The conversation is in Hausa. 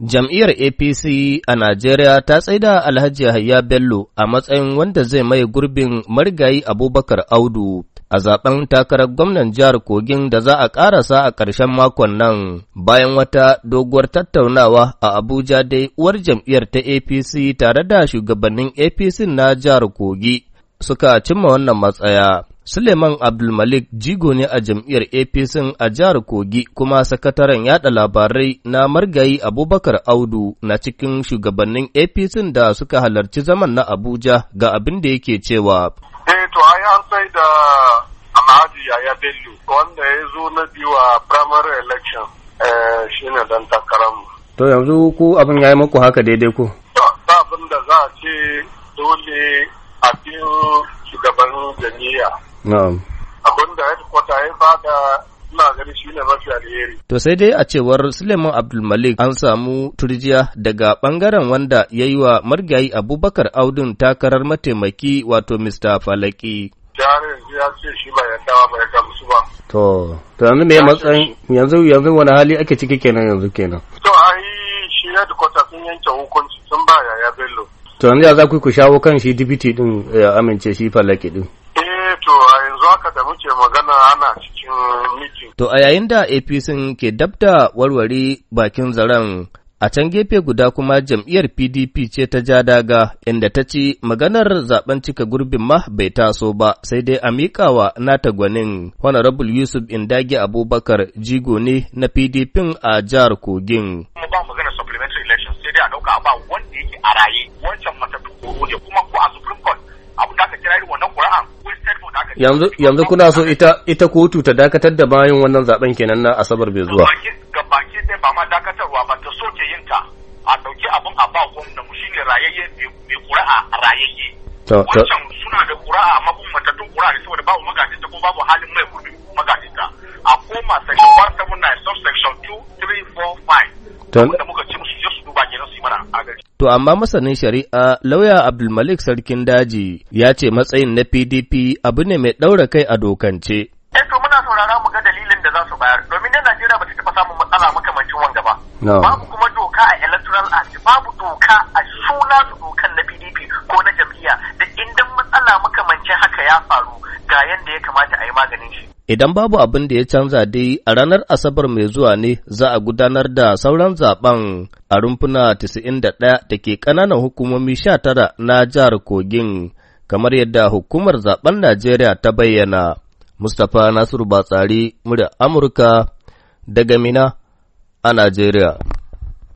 Jam'iyyar APC a Najeriya ta tsaida Alhaji yahya Bello a matsayin wanda zai mai gurbin marigayi Abubakar Audu a zaben takarar gwamnan jihar Kogin da za a ƙarasa a ƙarshen makon nan bayan wata doguwar tattaunawa a Abuja dai uwar jam'iyyar ta APC tare da shugabannin APC na jihar Kogi suka cimma wannan matsaya. Suleiman Abdulmalik jigo ne a jam'iyyar APC a jihar Kogi kuma sakataren yada labarai na margayi Abubakar Audu na cikin shugabannin APC da suka halarci zaman na Abuja ga abin da yake cewa. Eh to ai an sai da Alhaji Yaya Bello wanda ya zo na biyu a primary election eh ne don takarar To yanzu ku abin ya yi muku haka daidai ku. Ba da za a ce dole a biyu shugaban jami'a abin da headquarter ya bada ina gani shi ne mafi alheri. To sai dai a cewar Suleiman Abdulmalik an samu turjiya daga bangaren wanda ya yi wa margayi Abubakar Audun takarar mataimaki wato Mr. Falaki. Jarin ya shi ba yadda ba ya gamsu ba. To, to yanzu me matsayin yanzu yanzu wani hali ake ciki kenan yanzu kenan. To ai shi ya dukwata sun yanke hukunci sun ba yaya Bello. To yanzu ya za ku ku shawo kan shi dibiti din ya amince shi falaki din. da muke magana ana cikin mitin. To a yayin da APC ke dabda warware bakin zaren A can gefe guda kuma jam'iyyar PDP ce ta ja daga inda ta ci maganar zaben cika gurbin ma bai taso ba sai dai a miƙawa nata gwanin Honorable Yusuf Indage Abubakar jigo ne na PDP a jihar Kogin. Ba magana supplementary election sai dai a ɗauka ba wanda yake a raye wancan yanzu yanzu kuna so ita ita kotu ta dakatar da bayan wannan zaben kenan na asabar bai zuwa gabaki dai ba ma dakatarwa ba ta soke yin ta a dauki abun a ba gwamna mu shine rayayye mai a rayayye wancan suna da qura'a a kuma matattun qura'a ne saboda babu magajinta ko babu halin mai gudu magajinta a koma section 179 subsection 2345 wanda muka ci musu je su duba kenan su yi mana agaji To amma masanin shari'a lauya Abdulmalik Sarkin Daji ya ce matsayin na PDP abu ne mai ɗaura kai a dokance. Eh to muna saurara mu ga dalilin da za su bayar domin dai Najeriya ba ta taɓa samun matsala makamancin wanga ba. Babu kuma doka a Electoral Act babu doka a suna dokan na PDP ko na jam'iyya da indan matsala makamancin haka ya faru. ga yadda ya kamata a yi maganin shi. Idan babu abin da ya canza dai a ranar Asabar mai zuwa ne za a gudanar da sauran zaben a rumfuna 91 da ke ƙananan hukumomi 19 na jihar Kogin kamar yadda hukumar zaben Najeriya ta bayyana. Mustapha Nasiru Batsari, murya Amurka daga Mina a Najeriya.